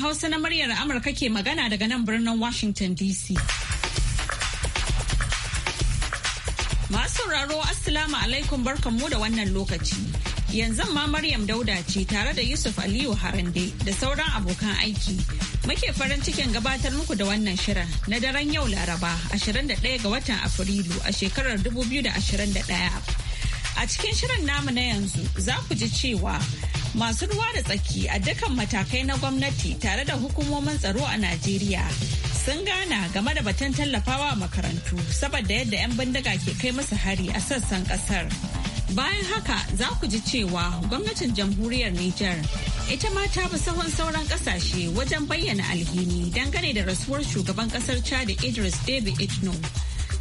Hausa na muryar Amurka ke magana daga nan birnin Washington DC. Masu sauraro Assalamu alaikum barkanmu da wannan lokaci. Yanzu ma Maryam Dauda ce tare da Yusuf Aliyu Harande da sauran abokan aiki. Muke farin cikin gabatar muku da wannan shirin na daren yau Laraba 21 ga watan Afrilu a shekarar 2021. A cikin shirin namu na yanzu za ku ji cewa masu ruwa da tsaki a dukkan matakai na gwamnati tare da hukumomin tsaro a Najeriya sun gana game da batun tallafawa makarantu saboda yadda 'yan bindiga ke kai musu hari a sassan kasar. Bayan haka za ku ji cewa gwamnatin jamhuriyar Nijar ita ma ta bi sahun sauran kasashe wajen bayyana alhini dangane da rasuwar shugaban kasar Chad Idris David Itno.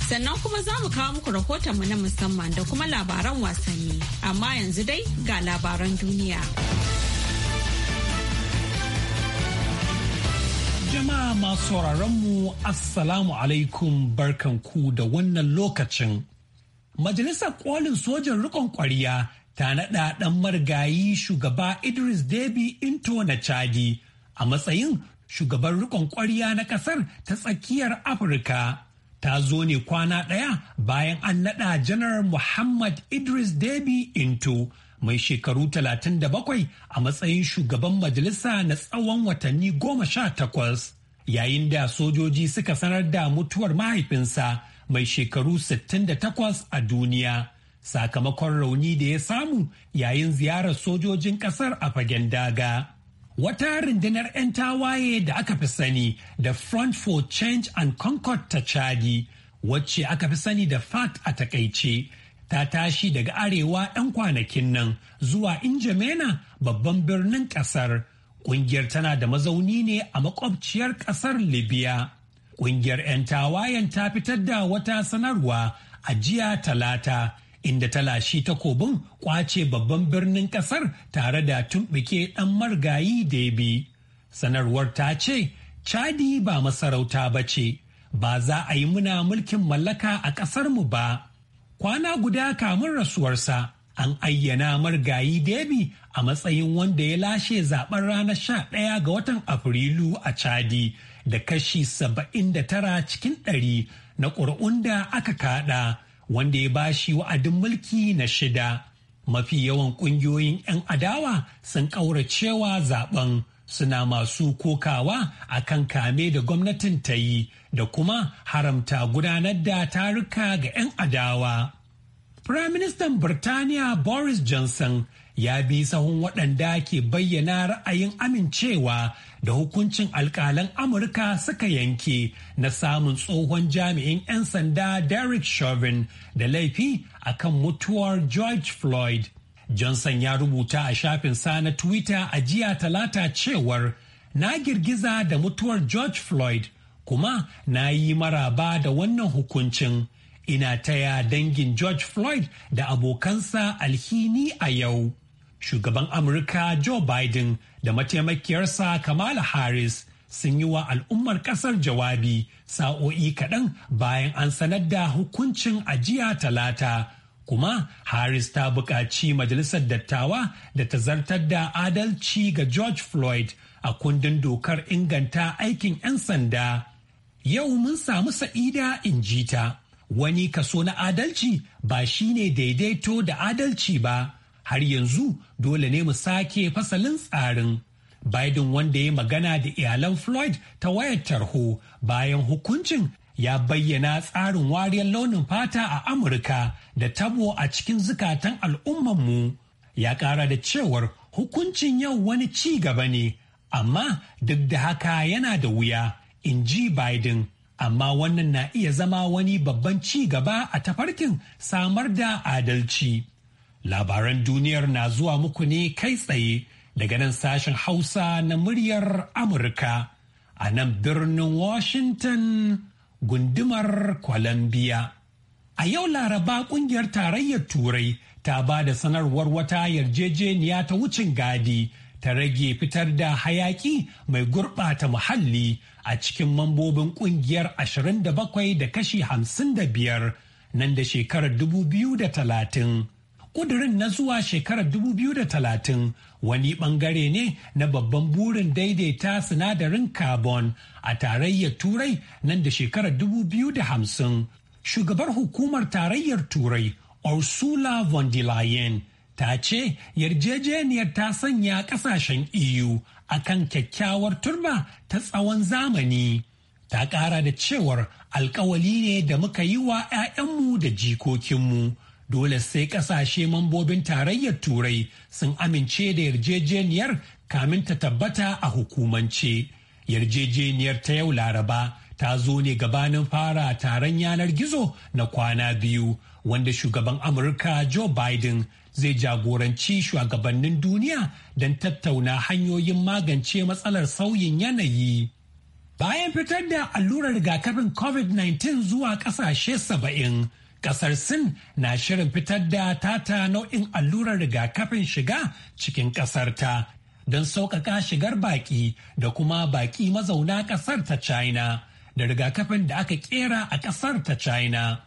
Sannan kuma za mu kawo muku rahotonmu na musamman da kuma labaran wasanni. Amma yanzu dai ga labaran duniya. Jama'a masu sauraronmu Assalamu alaikum barkanku da wannan lokacin. Majalisar kolin sojan rikon kwariya ta naɗa ɗan marigayi shugaba Idris debi Into na Chadi a matsayin shugaban rikon kwariya na ƙasar ta tsakiyar Afirka. ta zo ne kwana ɗaya bayan an naɗa janar Muhammad Idris Deby Into mai shekaru 37 a matsayin shugaban majalisa na tsawon watanni 18 yayin da sojoji suka sanar da mutuwar mahaifinsa mai shekaru 68 a duniya sakamakon rauni da ya samu yayin ziyarar sojojin ƙasar a fagen daga. wata rundunar 'yan tawaye da aka fi sani da front for change and concord ta chadi wacce aka fi sani da fact a takaice ta tashi daga arewa 'yan kwanakin nan zuwa injamena babban birnin ƙasar. Ƙungiyar tana da mazauni ne a makwabciyar ƙasar libya Ƙungiyar 'yan tawayen ta fitar da wata sanarwa a jiya talata inda ta lashi takobin kwace babban birnin kasar tare da tumɓuke dan margayi da ya bi. Sanarwar ta ce, Chadi ba masarauta ba ce, ba za a yi muna mulkin mallaka a ƙasarmu ba. Kwana guda kamun rasuwarsa, an ayyana margayi Debi a matsayin wanda ya lashe zaben ranar sha ɗaya ga watan Afrilu a Chadi da kashi saba'in da tara cikin ɗari na ƙuri'un da aka kaɗa. wanda ya bashi wa'adin mulki na shida mafi yawan ƙungiyoyin 'yan adawa sun ƙauracewa zaben suna masu kokawa a kan kame da gwamnatin ta yi da kuma haramta gudanar da taruka ga 'yan adawa. Firaministan Birtaniya Boris Johnson ya bi sahun waɗanda ke bayyana ra'ayin amincewa da hukuncin alkalan Amurka suka yanke na samun tsohon jami'in 'yan sanda Derek Chauvin da laifi a kan mutuwar George Floyd. Johnson ya rubuta a shafin sa na Twitter a jiya talata cewar na girgiza da mutuwar George Floyd kuma na yi maraba da wannan hukuncin. Ina taya dangin George Floyd da abokansa alhini a yau. Shugaban Amurka Joe Biden da mataimakiyarsa Kamala Harris sun yi wa al'ummar ƙasar jawabi sa'o'i kaɗan bayan an sanar da hukuncin ajiya talata. Kuma Harris ta buƙaci Majalisar Dattawa da ta zartar da adalci ga George Floyd a kundin dokar inganta aikin 'yan sanda. Yau mun samu sa'ida in ji ta. Wani kaso na adalci ba shine daidaito da adalci ba. har yanzu dole ne mu sake fasalin tsarin. Biden wanda ya magana da iyalan Floyd ta wayar tarho bayan hukuncin ya bayyana tsarin wariyar launin fata a Amurka da tabo a cikin zukatan al'ummanmu. Ya ƙara da cewar hukuncin yau wani ci gaba ne, amma duk da haka yana da wuya, in ji Biden. Amma wannan na iya zama wani babban ci gaba a tafarkin samar da adalci. Labaran duniyar na zuwa muku ne kai tsaye daga nan sashen Hausa na muryar Amurka a nan birnin Washington gundumar Columbia. A yau Laraba kungiyar tarayyar Turai ta ba da sanarwar wata yarjejeniya ta wucin gadi ta rage fitar da hayaki mai gurɓata muhalli a cikin mambobin kungiyar 27 da kashi 55 nan da shekarar 2030. Kudurin na zuwa shekarar 2030 wani bangare ne na babban burin daidaita sinadarin carbon a tarayyar Turai nan da shekarar 2050. Shugabar hukumar tarayyar Turai Ursula von der Leyen ta ce yarjejeniyar ta sanya kasashen EU a kan kyakkyawar turma ta tsawon zamani. Ta ƙara da cewar alkawali ne da muka yi wa 'ya'yanmu da jikokinmu. dole sai kasashe mambobin tarayyar turai sun amince da yarjejeniyar kamin ta tabbata a hukumance yarjejeniyar ta yau laraba ta zo ne gabanin fara taron yanar gizo na kwana biyu wanda shugaban amurka joe biden zai jagoranci shugabannin duniya don tattauna hanyoyin magance matsalar sauyin yanayi bayan fitar da allurar rigakafin covid-19 zuwa kasashe saba'in Kasar Sin na shirin fitar da tata nau'in allurar rigakafin shiga cikin kasar ta don sauƙaƙa shigar baƙi da kuma baƙi mazauna ƙasar ta China da rigakafin da aka ƙera a ƙasar ta China.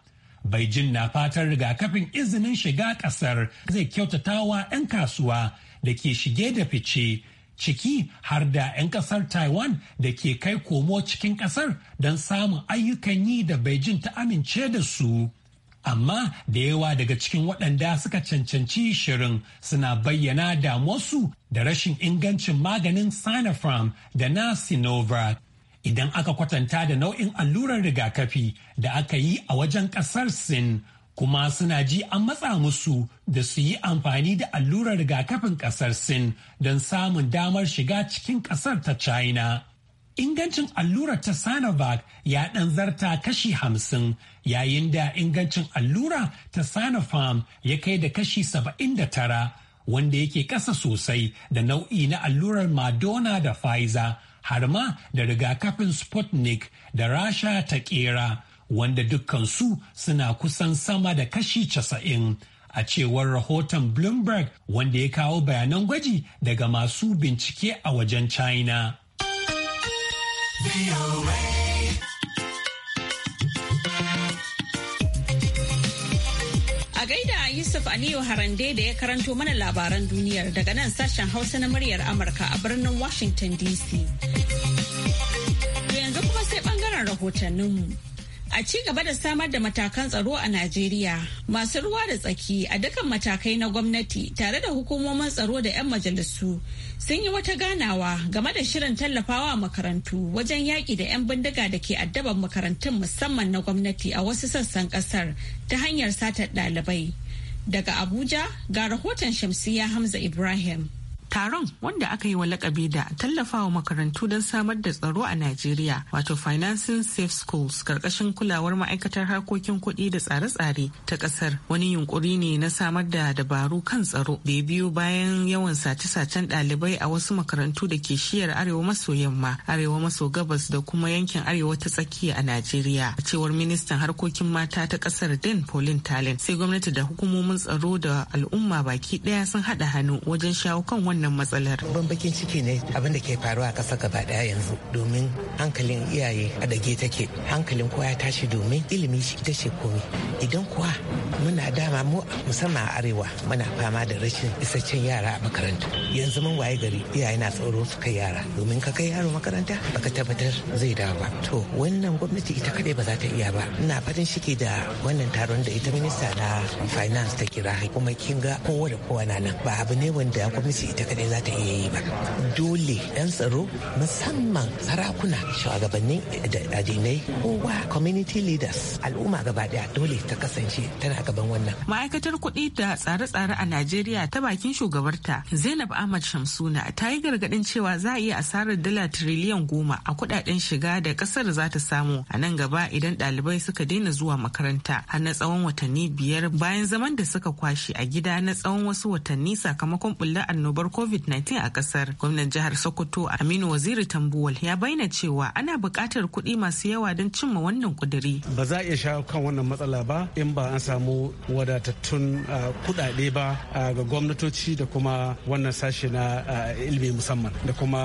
Beijing na fatan rigakafin izinin shiga ƙasar zai kyautatawa 'yan kasuwa da ke shige da fice ciki har da 'yan ƙasar Taiwan da ke kai komo cikin ƙasar don samun ayyukan yi da Beijing ta amince da su. amma da yawa daga cikin waɗanda suka cancanci shirin suna bayyana damuwarsu da rashin ingancin maganin sinopharm da na sinovac idan aka kwatanta da nau'in allurar rigakafi da aka yi a wajen ƙasar sin kuma suna ji an matsa musu da su yi amfani da allurar rigakafin ƙasar sin don samun damar shiga cikin ƙasar ta china ingancin allura ta Sanovac ya ɗan zarta kashi hamsin yayin da ingancin allura ta Sinopharm ya kai da kashi saba'in da tara wanda yake ƙasa sosai da nau'i na allurar Madonna da Pfizer har ma da rigakafin Sputnik da Rasha ta kera wanda dukkansu suna kusan sama da kashi casa'in. a cewar rahoton Bloomberg wanda ya kawo bayanan gwaji daga masu bincike a wajen China. A gaida Yusuf Aliyu Harande da ya karanto mana labaran duniyar daga nan sashen Hausa na muryar Amurka a birnin Washington DC. To yanzu kuma sai bangaren rahotanninmu. A ci gaba da samar da matakan tsaro a Najeriya, masu ruwa da tsaki a dukkan matakai na gwamnati tare da hukumomin tsaro da 'yan majalisu sun yi wata ganawa game da shirin tallafawa makarantu wajen yaƙi da 'yan bindiga da ke addaban makarantun musamman na gwamnati a wasu sassan ƙasar ta hanyar satar ɗalibai. Daga Abuja ga rahoton Shamsiyya Hamza Ibrahim. Taron wanda aka yi wa lakabi da tallafawa makarantu don samar da tsaro a Najeriya wato Financing Safe Schools karkashin kulawar ma'aikatar harkokin kuɗi da tsare-tsare ta ƙasar wani yunkuri ne na samar da dabaru kan tsaro da biyo bayan yawan sace-sacen ɗalibai a wasu makarantu da ke shiyar arewa maso yamma arewa maso gabas da kuma yankin arewa ta tsakiya a Najeriya a cewar ministan harkokin mata ta ƙasar Den Pauline Talin. sai gwamnati da hukumomin tsaro da al'umma baki ɗaya sun haɗa hannu wajen shawo kan wannan wannan matsalar ban bakin ciki ne abin da ke faruwa a ƙasa gaba ɗaya yanzu domin hankalin iyaye a dage take hankalin kowa ya tashi domin ilimi shi ita ce komai idan kuwa muna dama mu musamman a arewa muna fama da rashin isasshen yara a makaranta yanzu mun waye gari iyaye na tsoro su kai yara domin ka kai yaro makaranta baka tabbatar zai dawo ba to wannan gwamnati ita kadai ba za ta iya ba ina fatan shike da wannan taron da ita minista na finance ta kira kuma kin ga kowa da kowa na nan ba abu ne wanda gwamnati ita kadai za ta iya yi ba dole yan tsaro musamman sarakuna shugabannin da addinai kowa community leaders al'umma gaba daya dole ta kasance tana gaban wannan ma'aikatar kuɗi da tsare-tsare a najeriya ta bakin shugabarta zainab ahmad shamsuna ta yi gargaɗin cewa za a iya asarar dala tiriliyan goma a kuɗaɗen shiga da ƙasar za ta samu a nan gaba idan ɗalibai suka daina zuwa makaranta har na tsawon watanni biyar bayan zaman da suka kwashe a gida na tsawon wasu watanni sakamakon bullar annobar covid-19 a kasar gwamnan jihar sokoto aminu waziri tambuwal ya bayyana cewa ana buƙatar kuɗi masu yawa don cimma wannan kuduri ba za a iya shawo kan wannan matsala ba in ba an samu wadatattun ah, kuɗaɗe ba ah, ga gwamnatoci da kuma wannan sashe na ah, ilimi musamman da kuma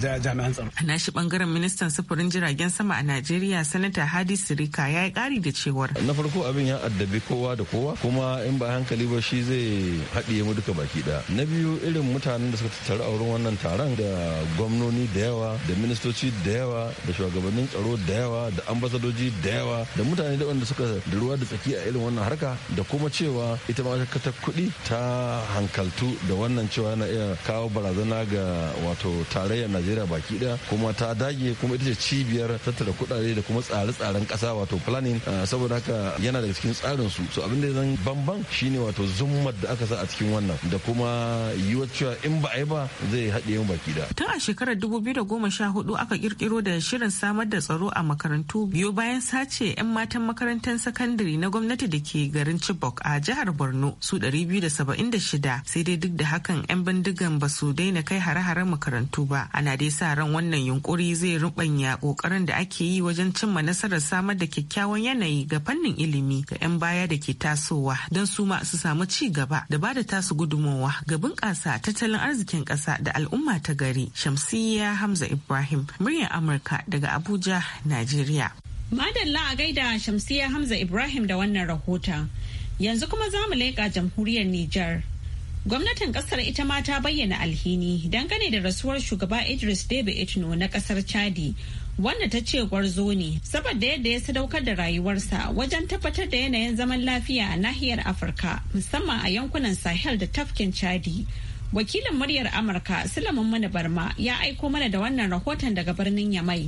jami'an tsaro a nashi bangaren ministan sufurin jiragen sama a najeriya sanata hadi sirika ya yi ƙari da cewar na farko abin ya addabi kowa da kowa kuma in ba hankali ba shi zai haɗiye mu duka baki ɗaya na biyu irin mutane mutanen da suka taru a wurin wannan taron da gwamnoni da yawa da ministoci da yawa da shugabannin tsaro da yawa da ambasadoji da yawa da mutane da wanda suka da ruwa da tsaki a irin wannan harka da kuma cewa ita ma'aikatar kuɗi ta hankaltu da wannan cewa yana iya kawo barazana ga wato tarayyar najeriya baki ɗaya kuma ta dage kuma ita ce cibiyar tattara kuɗaɗe da kuma tsare-tsaren kasa wato planning saboda haka yana daga cikin tsarin su so abin da zan bambam shine wato zummar da aka sa a cikin wannan da kuma yiwuwar cewa in ba a yi ba zai haɗe yin baki da. Tun a shekarar 2014 aka kirkiro da shirin samar da tsaro a makarantu biyu bayan sace 'yan matan makarantar sakandare na gwamnati da ke garin Chibok a jihar Borno su ɗari biyu da da saba'in shida sai dai duk da hakan 'yan bindigan ba su daina kai hare-haren makarantu ba. Ana dai sa ran wannan yunkuri zai rubanya kokarin da ake yi wajen cimma nasarar samar da kyakkyawan yanayi ga fannin ilimi ga 'yan baya da ke tasowa don su ma su samu ci gaba da ba da tasu gudunmawa ga bunƙasa tattalin arzikin ƙasa da al'umma ta gari Shamsiyya Hamza Ibrahim muryar Amurka daga Abuja, Najeriya. Madalla a gaida Shamsiyya Hamza Ibrahim da wannan rahoton. Yanzu kuma za mu leƙa jamhuriyar Nijar. Gwamnatin ƙasar ita ma ta bayyana alhini dangane da rasuwar shugaba Idris debe Etno na ƙasar Chadi wanda ta ce gwarzo ne saboda yadda ya sadaukar da rayuwarsa wajen tabbatar da yanayin zaman lafiya a nahiyar Afirka musamman a yankunan Sahel da tafkin Chadi. Wakilin muryar Amurka Sulaiman Mana Barma ya aiko mana da wannan rahoton daga birnin Yamai.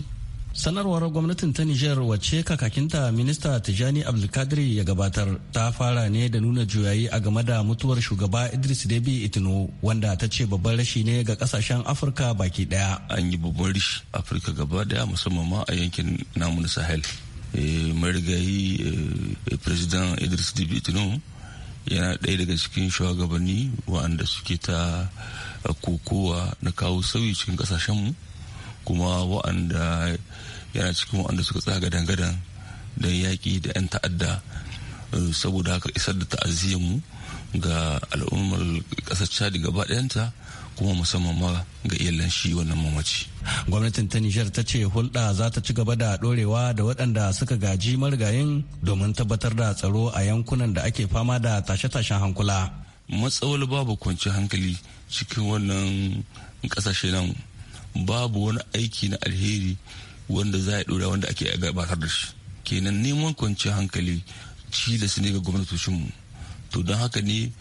Sanarwar gwamnatin ta Nijar wacce kakakinta minista Tijani abdulkadri ya gabatar ta fara ne da nuna juyayi a game da mutuwar shugaba Idris Deby Itino wanda ta ce babban rashi ne ga kasashen Afirka baki daya. An yi babban rashi Afirka gaba daya musamman ma a yankin namun na Sahel. Eh, marigayi eh, eh, President Idris Deby Itino yana ɗaya daga cikin shugabanni waɗanda suke ta kokowa na kawo sauyi cikin ƙasashenmu kuma waɗanda yana cikin waɗanda suka tsaga dangadan don yaƙi da 'yan ta'adda saboda haka isar da mu ga al'ummar ƙasar chadi gaba ɗayanta kuma musamman ma ga iyalan shi wannan mamaci. Gwamnatin ta Nijar ta ce hulɗa za ta ci gaba da ɗorewa da waɗanda suka gaji marigayin domin tabbatar da tsaro a yankunan da ake fama da tashe-tashen hankula. Matsawar babu kwanci hankali cikin wannan ƙasashe nan babu wani aiki na alheri wanda za a ɗora wanda ake gabatar da shi. Kenan neman kwanci hankali cilas ne ga gwamnatocinmu. To don haka ne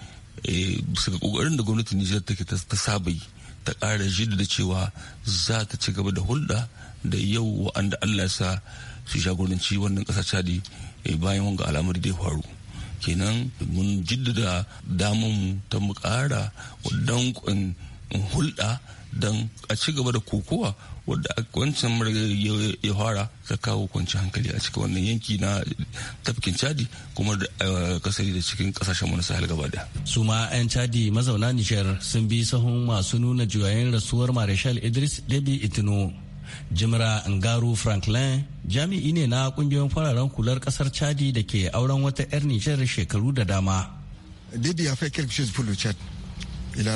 Eh, bisa ga kokarin da gwamnatin Nijar take ta saba yi ta ƙara da cewa za ta ci gaba da hulɗa da yau wa'anda Allah ya sa su shagoranci wannan ƙasa cadi eh, bayan wanga alamar da faru kenan mun jiddada damun ta mu ƙara danƙon hulɗa don a ci gaba da kokowa wadda wancan ya fara ta kawo kwanci hankali a cikin wannan yanki na tafkin chadi kuma da kasari da cikin kasashen wani sahal gaba daya su ma 'yan chadi mazauna nishar sun bi sahun masu nuna juyayen rasuwar marshal idris debi itino jimra ngaru franklin jami'i ne na kungiyoyin fararen kular kasar chadi da ke auren wata 'yar nishar shekaru da dama debi ya fai chad il a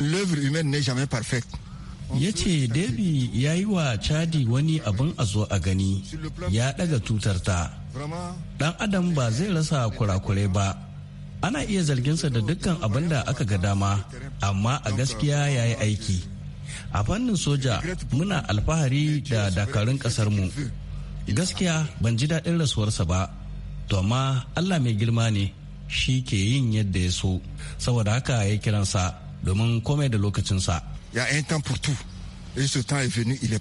l'œuvre humaine n'est jamais parfaite. ya ce debi ya yi wa chadi wani abin a zo a gani ya daga ta dan adam ba zai rasa kurakurai ba ana iya zarginsa da dukkan abin da aka ga dama amma a gaskiya ya yi aiki a fannin soja muna alfahari da dakarun mu gaskiya ban ji daɗin rasuwarsa ba to amma allah mai girma ne shi ke yin yadda ya so saboda haka ya kiransa domin komai da lokacinsa. Ya yan tan furtu tout. ta ce temps ile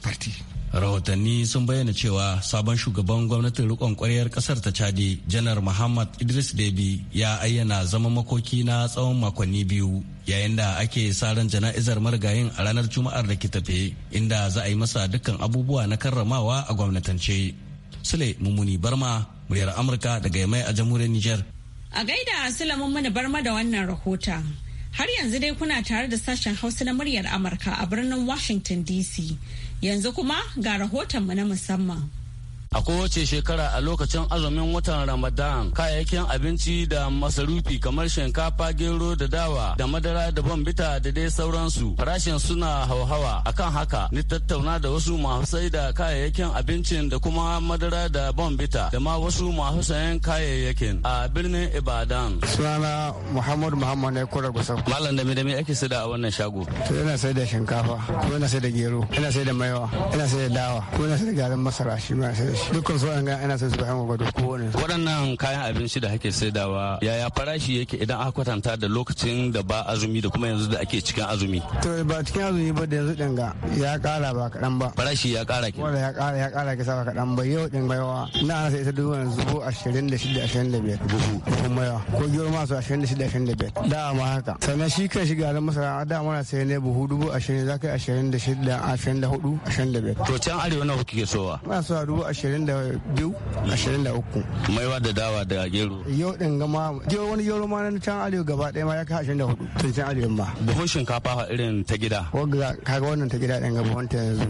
Rahotanni sun bayyana cewa sabon shugaban gwamnatin rikon kwaryar kasar ta Chadi, Janar Muhammad Idris Debi ya ayyana zama makoki na tsawon makonni biyu yayin da ake sa ran jana'izar marigayin a ranar Juma'ar da ke tafe inda za a yi masa dukkan abubuwa na karramawa a gwamnatance. Sule Mumuni Barma, muryar Amurka daga Yamai a jamhuriyar Nijar. A gaida Sule Mumuni Barma da wannan rahoton. Har yanzu dai kuna tare da sashen Hausa na muryar Amurka a birnin Washington DC. Yanzu kuma ga rahoton mu na musamman. A kowace shekara a lokacin azumin watan Ramadan kayayyakin abinci da masarufi kamar shinkafa, gero da dawa da madara da bambita da dai sauransu farashin suna hauhawa akan haka ni tattauna da wasu masu sai da kayayyakin abincin da kuma madara da bambita da ma wasu masu sayan kayayyakin a birnin Ibadan. Sunana Muhammad Muhammad ne kura gusa. Malam da me ake saida a wannan shago? To yana sai da shinkafa, ko yana sai da gero, yana sai da maiwa, yana sai da dawa, ko yana sai da garin masara shi ma sai da shi. Dukkan su ga ana son su bayan ko kowane. Waɗannan kayan abinci da ake saidawa yaya farashi yake idan aka kwatanta da lokacin da ba azumi da kuma yanzu da ake cikin azumi. To ba cikin azumi ba da yanzu din ga ya ƙara ba kaɗan ba. Farashi ya ƙara ke. Wala ya ƙara ya ƙara sa ba kaɗan ba yau ɗin bayawa. Ina ana sai ta dubu yanzu ko ashirin da shida ashirin da biyar. Buhu. Buhun yawa? Ko gero masu ashirin da shida ashirin da biyar. Da ma haka. Sannan shi kan shi garin masara a da muna sai ne buhu dubu ashirin za ka yi ashirin da shida ashirin da hudu ashirin da biyar. To can arewa na kuke sowa? sowa dubu ashirin 22 23 maiwa da dawa da gero yau din gama gero wani gero ma na can Aliyu gaba ɗaya ma ya kai 24 tun can Aliyu ma buhun shinkafa fa irin ta gida wagga kaga wannan ta gida din ga buhun ta yanzu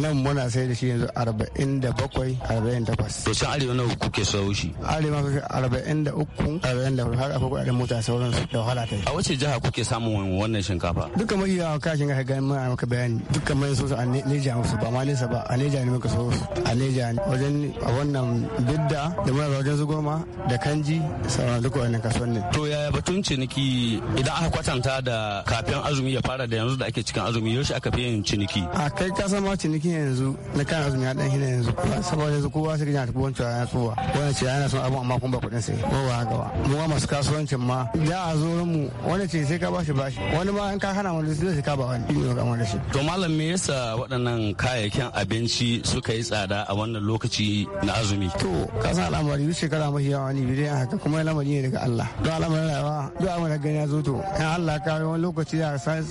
nan muna sai da shi yanzu 47 48 to can Aliyu na nawa ke sau shi Aliyu ma 43 44 har akwai kuɗaɗen mota sauran su da wahala ta yi. a wace jiha kuke samun wannan shinkafa duka mai yawa kashin ga ga mun maka bayani duka mai so su a neja musu ba ma nesa ba a neja ne muka so su a neja ne wajen a wannan bidda da muna wajen su goma da kanji sauran duka wannan ne. To yaya batun ciniki idan aka kwatanta da kafin azumi ya fara da yanzu da ake cikin azumi yaushe aka fi yin ciniki. A kai ka san ma ciniki yanzu na kan azumi ya dan hina yanzu saboda yanzu kowa sai yana tafi wancan ya tsuwa wani ce yana son abun amma kun ba kuɗin sai ko ba haka ba. Mu masu kasuwancin ma da a zo mu wani ce sai ka bashi bashi wani ma in ka hana wani sai ka ba wani. To malam me yasa waɗannan kayayyakin abinci suka yi tsada a wannan lokaci na azumi. To, ka san al'amari duk shekara mafi yawa ne bidai haka kuma al'amari ne daga Allah. Don al'amarin rayuwa duk al'amari da gani ya zo to. In Allah ka wani lokaci ya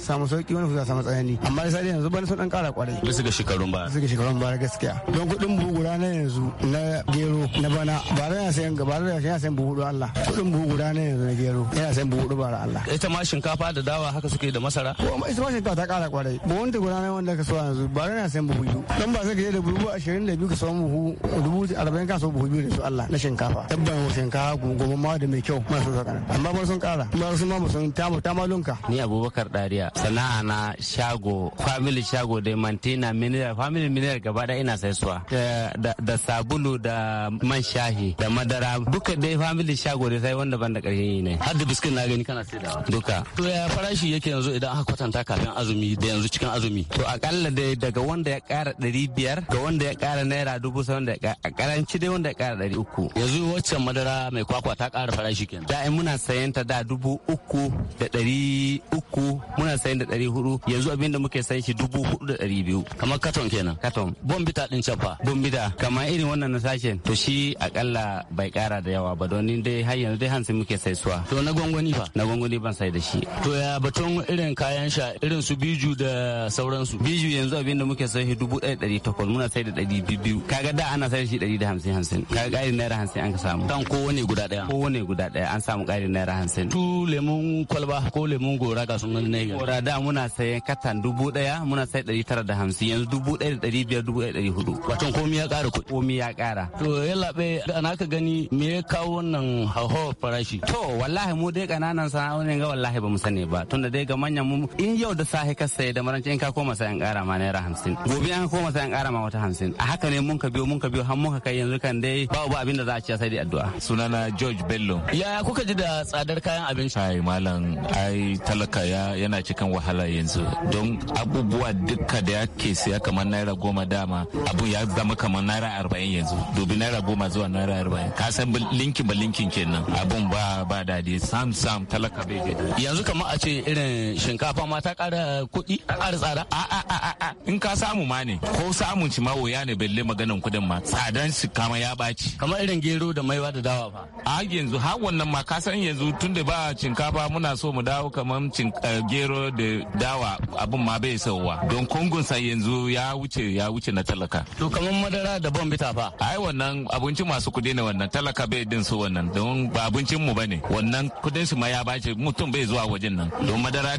samu sauki wani fusa samu tsanani. Amma ya sai yanzu bani sun dan kara kwarai. Bisa ga shekarun ba. Bisa ga shekarun ba gaskiya. Don kuɗin buhu guda na yanzu na gero na bana ba da yana sayan gaba da yana sayan buhu Allah. Kuɗin buhu guda na yanzu na gero yana sayan buhu ba da Allah. Ita ma shinkafa da dawa haka suke da masara. Ko ita ma shinkafa ta kara kwarai. Buhun wanda guda na wanda ka so yanzu ba da yana sayan buhu biyu. Don ba sai ka je da buhu ashirin da biyu ka samu buhu dubu arba'in ka so buhu biyu da su Allah na shinkafa dabban shinkafa goma ma da mai kyau ma sun saka amma ba sun kara kuma sun ma sun ta malunka ni abubakar dariya sana'a na shago family shago da mantina mineral family mineral gaba da ina sai suwa eh, da sabulu da man shahi da madara duka dai family shago da sai wanda ban da karshen yi ne har da biskit na gani kana da duka to ya farashi yake yanzu idan aka kwatanta kafin azumi da yanzu cikin azumi to akalla dai daga wanda ya kara 500 ga wanda ya kara naira dubu rahusa wanda a karanci dai wanda ya kara dari uku. Yanzu waccan madara mai kwakwa ta kara farashi kenan. Da muna sayan ta da dubu uku da dari uku muna sayan da dari hudu yanzu abin da muke sayan shi dubu hudu da dari biyu. Kamar katon kenan. Katon. bon bita din can fa. bita Kamar irin wannan na sashen to shi akalla bai kara da yawa ba don dai har yanzu dai hansin muke saisuwa. To na gwangwani fa. Na gwangwani ban sai da shi. To ya batun irin kayan sha irin su biju da sauransu. Biju yanzu abin da muke sayan shi dubu ɗaya ɗari takwas muna sai da ɗari biyu. Kaga kaga da ana sayar shi 150 kaga ƙarin naira 50 an ka samu dan kowane guda daya kowane guda daya an samu ƙarin naira 50 tu lemon kwalba ko lemon gora ga sun ne gora da muna saye katan dubu daya muna sai 150 yanzu dubu 1500 1400 wato komai ya ƙara kuɗi komai ya ƙara to yallaɓe ana ka gani me ya kawo wannan hauhawar farashi to wallahi mu dai kananan sana'o'in ga wallahi ba mu sani ba tunda dai ga manyan mu in yau da sahi ka saye da maranci in ka koma sai an ƙara ma naira 50 gobe an koma sai an ƙara ma wata 50 a haka ne mun ka biyo mun ka biyo har mun ka kai yanzu kan dai babu ba abin da za a ci sai dai addu'a sunana George Bello ya kuka ji da tsadar kayan abinci ai malam ai talaka ya yana cikin wahala yanzu don abubuwa dukka da yake siya kamar naira goma dama abu ya zama kamar naira arba'in yanzu dubi naira goma zuwa naira arba'in ka san linkin ba linkin kenan abun ba ba dadi sam sam talaka bai je yanzu kamar a ce irin shinkafa ma ta kara kuɗi ta kara tsada a a a in ka samu ma ne ko samun ci ma wuya ne belle maganan kudin ma tsadan su kama ya baci Kamar irin gero da maiwa da dawa fa. A yanzu har wannan ma kasan yanzu tun da ba shinkafa muna so mu dawo kamar eh, gero da dawa abin ma bai sauwa. Don kongon sa yanzu ya wuce ya wuce na talaka. To kamar madara da bita fa. Ai wannan abinci masu kudi ne wannan talaka bai din su wannan don ba abincin mu bane. Wannan kudin su ma ya baci mutum bai zuwa wajen nan. Don madara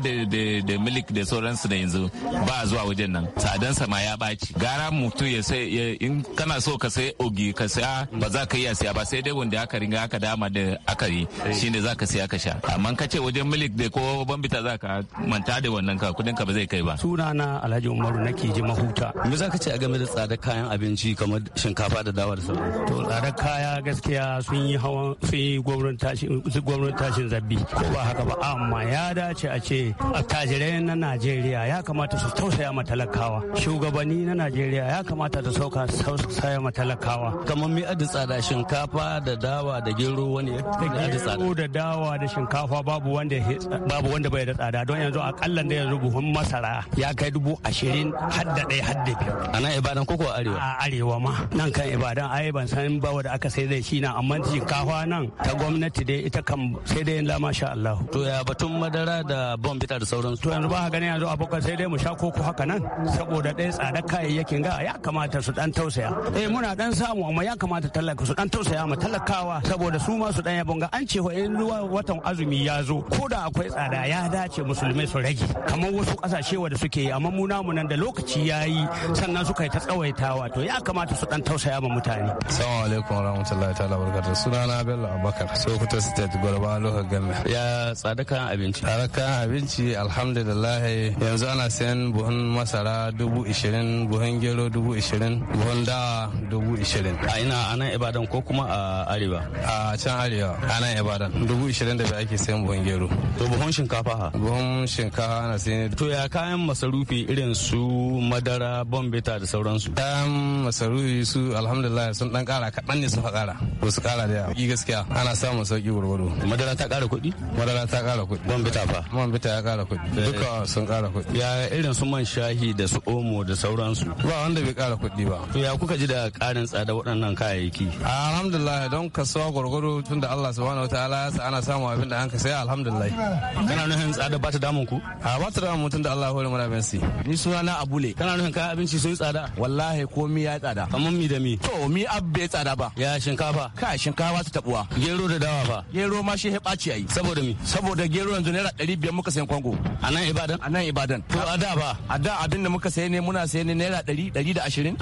da milik da sauransu da yanzu ba zuwa wajen nan. Tsadan sa ma ya baci Gara mutum ya sai in kana so ka sai ogi ka siya ba za ka iya siya ba sai dai wanda aka ringa aka dama da aka yi eh. shine za ka siya ka sha amma ka ce wajen milik da ko bambita za ka manta da wannan ka kudin ka ba zai kai ba sunana alhaji umaru nake ji mahuta me za ka ce a game da tsadar kayan abinci kamar shinkafa da dawar sa to tsadar kaya gaskiya sun yi hawan sun yi gwamnatin tashin zabbi ko ba haka ba amma ya dace a ce attajirai na najeriya ya kamata su tausaya ma talakawa shugabanni na najeriya ya kamata su sauka su saya ma talakawa kamar mi adi tsada shinkafa da dawa da gero wani adi tsada gero da dawa da shinkafa babu wanda babu wanda bai da tsada don yanzu kallan da yanzu buhun masara ya kai dubu ashirin har da ɗaya har da biyu a nan ibadan koko arewa a arewa ma nan kan ibadan ai ban san ba wanda aka sai da shi na amma shinkafa nan ta gwamnati dai ita kan sai dai la masha Allah to ya batun madara da bita da sauransu to yanzu ba ka gani yanzu abokan sai dai mu sha koko haka nan saboda ɗaya tsada kayayyakin ga ya kamata su dan tausaya tausaya eh muna dan samu amma ya kamata tallaka su dan tausaya ma talakawa saboda su ma su dan yabon ga an ce wa in watan azumi ya zo ko da akwai tsada ya dace musulmai su rage kamar wasu kasashe wanda suke yi amma mu nan da lokaci yayi sannan suka yi ta tsawaitawa to ya kamata su dan tausaya ma mutane assalamu alaikum warahmatullahi ta'ala barkatuh sunana bello abubakar sokoto state gwarba lokal gami ya tsada kayan abinci tsada kayan abinci alhamdulillah yanzu ana sayan buhun masara dubu ishirin buhun gero dubu ishirin buhun da dubu ishirin a ina a nan ibadan ko kuma a arewa a can arewa a nan ibadan dubu ishirin da bai ake sayan buhun gero to buhun shinkafa ha buhun shinkafa na sayan to ya kayan masarufi irin su madara bombeta da sauransu kayan masarufi su alhamdulillah sun dan kara kaɗan ne suka kara ko su kara da yawa gaskiya ana samun sauki gwargwado madara ta kara kuɗi madara ta kara kuɗi bombeta fa bombeta ya kara kuɗi eh. duka sun kara kuɗi ya irin su man shahi da su omo da sauransu ba wanda bai kara kuɗi ba to ya kuka ji da karin tsada waɗannan kayayyaki? Ah, alhamdulillah don kasuwa gwargwaro tun da Allah subhanahu wa ta'ala ya ana samu abin da an ka saya alhamdulillah. Kana nufin tsada ba ta damun ku? A ah, ba ta damun tun da Allah hore mana bin Ni suna na Abule. Kana nufin kayan abinci sun tsada? Wallahi komi ya tsada. Kamar mi da mi? To mi abbe tsada ba. Ya shinkafa? Ka shinkafa ta tabuwa. Gero da dawa ba. Gero ma shi ya ɓaci ayi. Saboda mi? Saboda gero yanzu naira ɗari biyar muka sayan kwango. A nan Ibadan? A nan Ibadan. To a da ba? A da abin da muka saye ne muna saye ne naira ɗari ɗari da ashirin.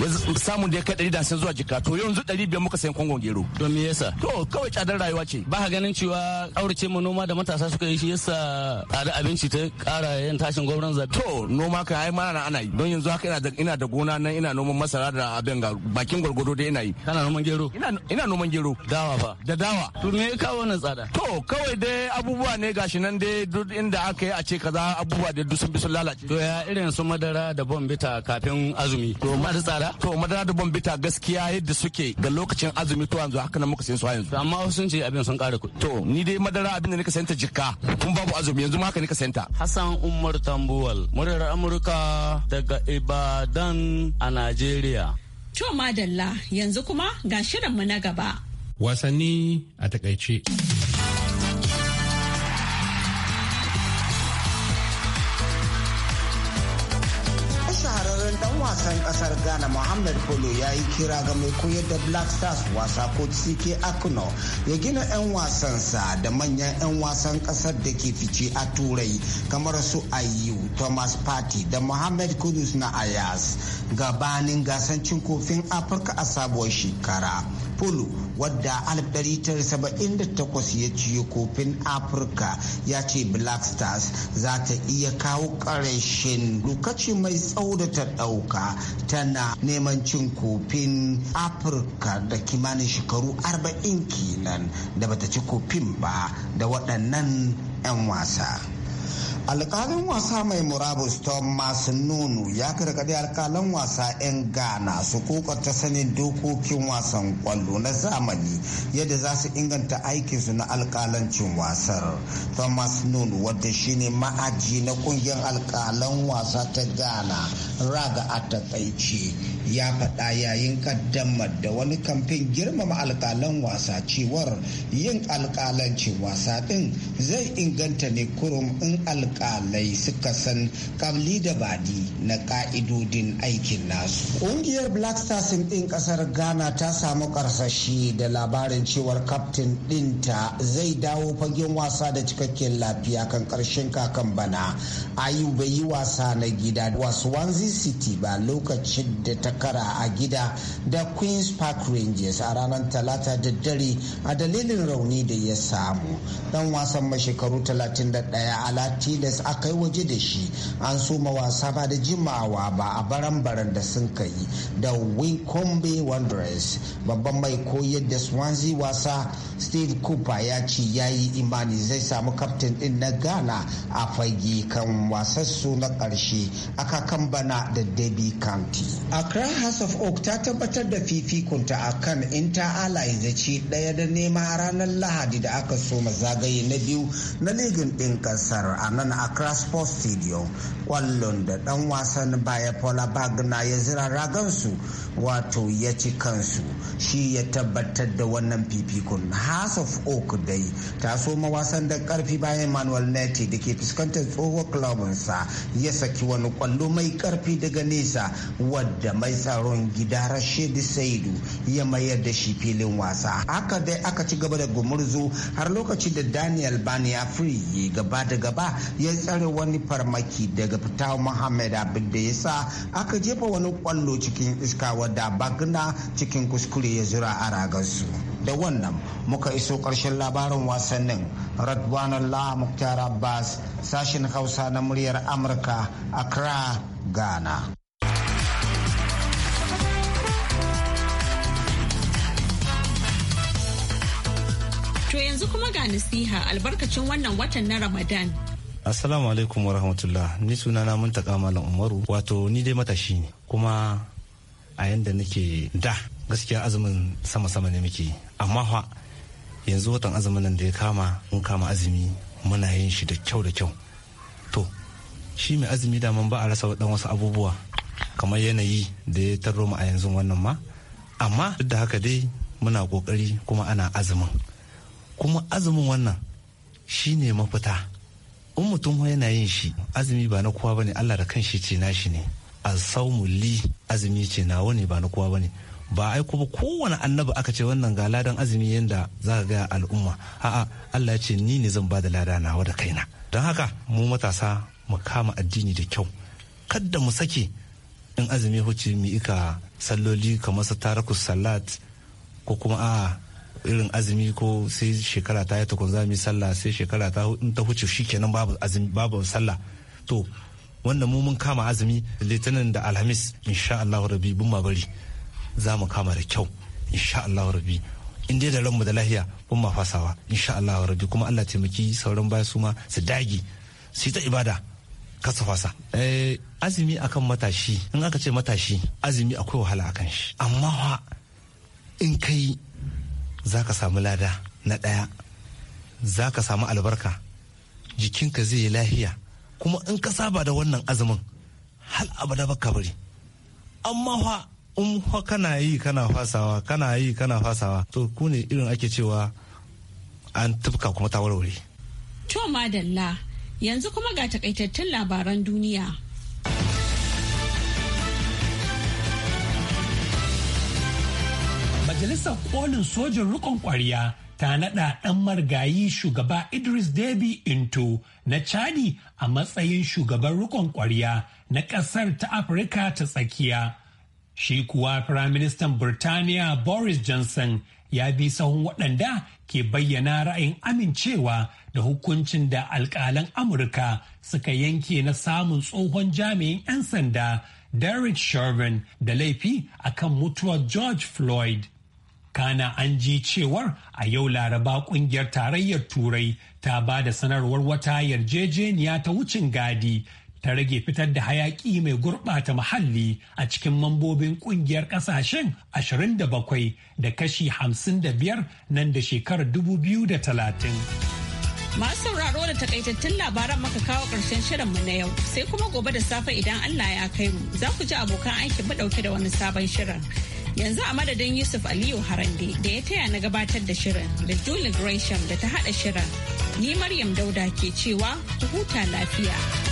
Samun dai ya kai ɗari da hamsin zuwa jika to yanzu ɗari biyar muka sayan kwangon gero. Don me yasa? To kawai tsadar rayuwa ce. Ba ka ganin cewa aurace mu noma da matasa suka yi shi yasa tsada abinci ta ƙara yin tashin gwamnan zabi. To noma ka ai mana ana yi don yanzu haka ina da ina da gona nan ina noman masara da abin ga bakin gwargwado da ina yi. Kana noman gero? Ina ina noman gero. Dawa fa. Da dawa. To me ya kawo wannan tsada? To kawai dai abubuwa ne gashi nan dai duk inda aka yi a ce kaza abubuwa da duk sun bi sun lalace. To ya irin su madara da bombita kafin azumi. To madara tsada? To madara da man bita gaskiya yadda suke ga lokacin azumi to yanzu haka nan muka sayan su yanzu amma wasu sun ce abin sun kare kuɗi to ni dai madara abin da nika sayanta jikka kun babu azumi yanzu ma haka nika sayanta Hassan Umar Tambuwal muryar Amurka daga Ibadan a Najeriya To madalla yanzu kuma ga mu na gaba wasanni a takaice ghana mohammed polo ya yi kira ga mai koyar da black stars wasa ko ck akuno ya gina 'yan wasansa da manyan 'yan wasan kasar da ke fice a turai kamar su ayu thomas party da mohammed kudus na ayas gabanin gasan cin kofin afirka a sabuwar shekara polo wadda 1978 ya ciye kofin afirka ya ce black stars za ta iya kawo ƙarshen lokaci mai tsawo da ta ɗauka ta ana neman cin kofin afirka da kimanin shekaru 40 kenan da bata ci kofin ba da waɗannan 'yan wasa Alƙalin wasa mai murabus thomas nunu ya karkade alƙalin wasa 'yan ghana su kokata sanin dokokin wasan kwallo na zamani yadda za su inganta aikinsu na alkalancin wasar thomas nunu wadda shine ma'aji na ƙungiyar alƙalin wasa ta ghana raga a taƙaice ya faɗa yayin kaddamar da wani kamfen girmama alkalan wasa cewar yin alkalanci wasa ɗin zai inganta ne kurum in alƙalai suka san kamli da badi na ƙa'idodin aikin nasu. Ƙungiyar Black Stars ɗin ƙasar Ghana ta samu ƙarsashi da labarin cewar kaftin ɗinta zai dawo fagen wasa da cikakken lafiya kan ƙarshen kakan bana. Ayu bai yi wasa na gida wasu Wanzi City ba lokacin da ta shekara a gida da queens park rangers a ranar talata da dare a dalilin rauni da ya samu dan wasan mai shekaru 31 a tilas aka yi waje da shi an soma wasa ba da jimawa ba a baran-baran da sun kai da wincombe wanderers babban mai koyar da swansea wasa steve cooper ya ci ya yi imani zai samu kaftin din na ghana a fage kan wasassu na karshe a kakan bana da debbie county Iran House of Oak ta tabbatar da fifikunta a kan Inter Allies da ci ɗaya da nema ranar Lahadi da aka soma zagaye na biyu na ligin ɗin ƙasar a nan Accra Sports Stadium. Kwallon da ɗan wasan baya Paula Bagna ya zira ragansu wato ya ci kansu shi ya tabbatar da wannan fifikun. House of Oak dai ta soma wasan da ƙarfi bayan Manuel Neti da ke fuskantar tsohon klabinsa ya saki wani kwallo mai karfi daga nesa wadda mai tsaron gida rashidu Saidu ya mayar da shi filin wasa. Haka dai aka ci gaba da gumurzu har lokacin da Daniel Bani ya gaba da gaba ya tsare wani farmaki daga fita Muhammad abin da ya sa aka jefa wani kwallo cikin iska wadda bagna cikin kuskure ya zura a ragarsu. Da wannan muka iso ƙarshen labarin wasannin Radwanallah Muktar Abbas sashen Hausa na muryar Amurka a Accra, Gana. To yanzu kuma ga nasiha albarkacin wannan watan na Ramadan. Assalamu alaikum wa rahmatullah. Ni sunana Muntaka Malam Umaru. Wato ni dai matashi ne kuma a yanda nake da gaskiya azumin sama-sama ne muke. Amma fa yanzu watan azumin nan da ya kama mun kama azumi muna yin shi da kyau da kyau. To shi mai azumi da ba a rasa dan wasu abubuwa kamar yanayi da ya tarro mu a yanzu wannan ma. Amma duk da haka dai muna kokari kuma ana azumin. kuma azumin wannan shi ne mafita in mutum yana yin shi azumi ba na kowa bane allah da kan shi ce na shi ne li azumi ce na wani ba na kowa bane ba aiko ba kowane annabi aka ce wannan ga ladan azumi yadda za ka gaya al'umma a'a allah ya ce ni ne zan ba da lada nawa da kaina don haka mu matasa mu kama addini da kyau kadda mu sake in azumi huce mu ika salloli kamar su tarakus salat ko kuma a'a irin azumi ko sai shekara ta yi takwan za mu yi sallah sai shekara ta in ta huce kenan babu azumi babu sallah to wanda mu mun kama azumi litinin da alhamis insha Allah rabi bin ma bari za mu kama da kyau insha Allah rabi in dai da ranmu da lahiya bin ma fasawa insha Allah rabi kuma Allah taimaki sauran baya su ma su dagi su ta ibada kasa fasa eh, azumi akan matashi in aka ce matashi azumi akwai wahala akan shi amma in kai za ka samu lada na ɗaya za ka samu albarka jikinka zai yi lahiya kuma in ka saba da wannan azumin hal abada baka bari amma fa in fa kana yi kana fasawa kana yi kana fasawa to ku ne irin ake cewa an tufka kuma ta warware to madalla yanzu kuma ga takaitattun labaran duniya Majalisar kolin sojin rikon kwariya ta naɗa ɗan marigayi shugaba Idris debi Into na Chadi a matsayin shugaban rikon kwariya na ƙasar ta Afirka ta tsakiya. Shi kuwa Firaministan Birtaniya Boris Johnson ya bi sahun waɗanda ke bayyana ra'ayin amincewa da hukuncin da alƙalan Amurka suka yanke na samun tsohon jami'in 'yan sanda Derek Chauvin da laifi akan mutuwar George Floyd. kana an ji cewar a yau laraba kungiyar tarayyar turai ta ba da sanarwar wata yarjejeniya ta wucin gadi ta rage fitar da hayaki mai gurɓata muhalli a cikin mambobin kungiyar ƙasashen 27 da kashi 55 nan da shekarar 2030. Masu sauraro da takaitattun labaran maka kawo ƙarshen shirinmu na yau sai kuma gobe da safe idan Allah ya kai mu za ku ji abokan aiki mu dauke da wani sabon shirin. Yanzu a madadin Yusuf Aliyu Harande da ya taya na gabatar da shirin da Julie Gresham da ta haɗa shirin. Ni Maryam Dauda ke cewa ku huta lafiya.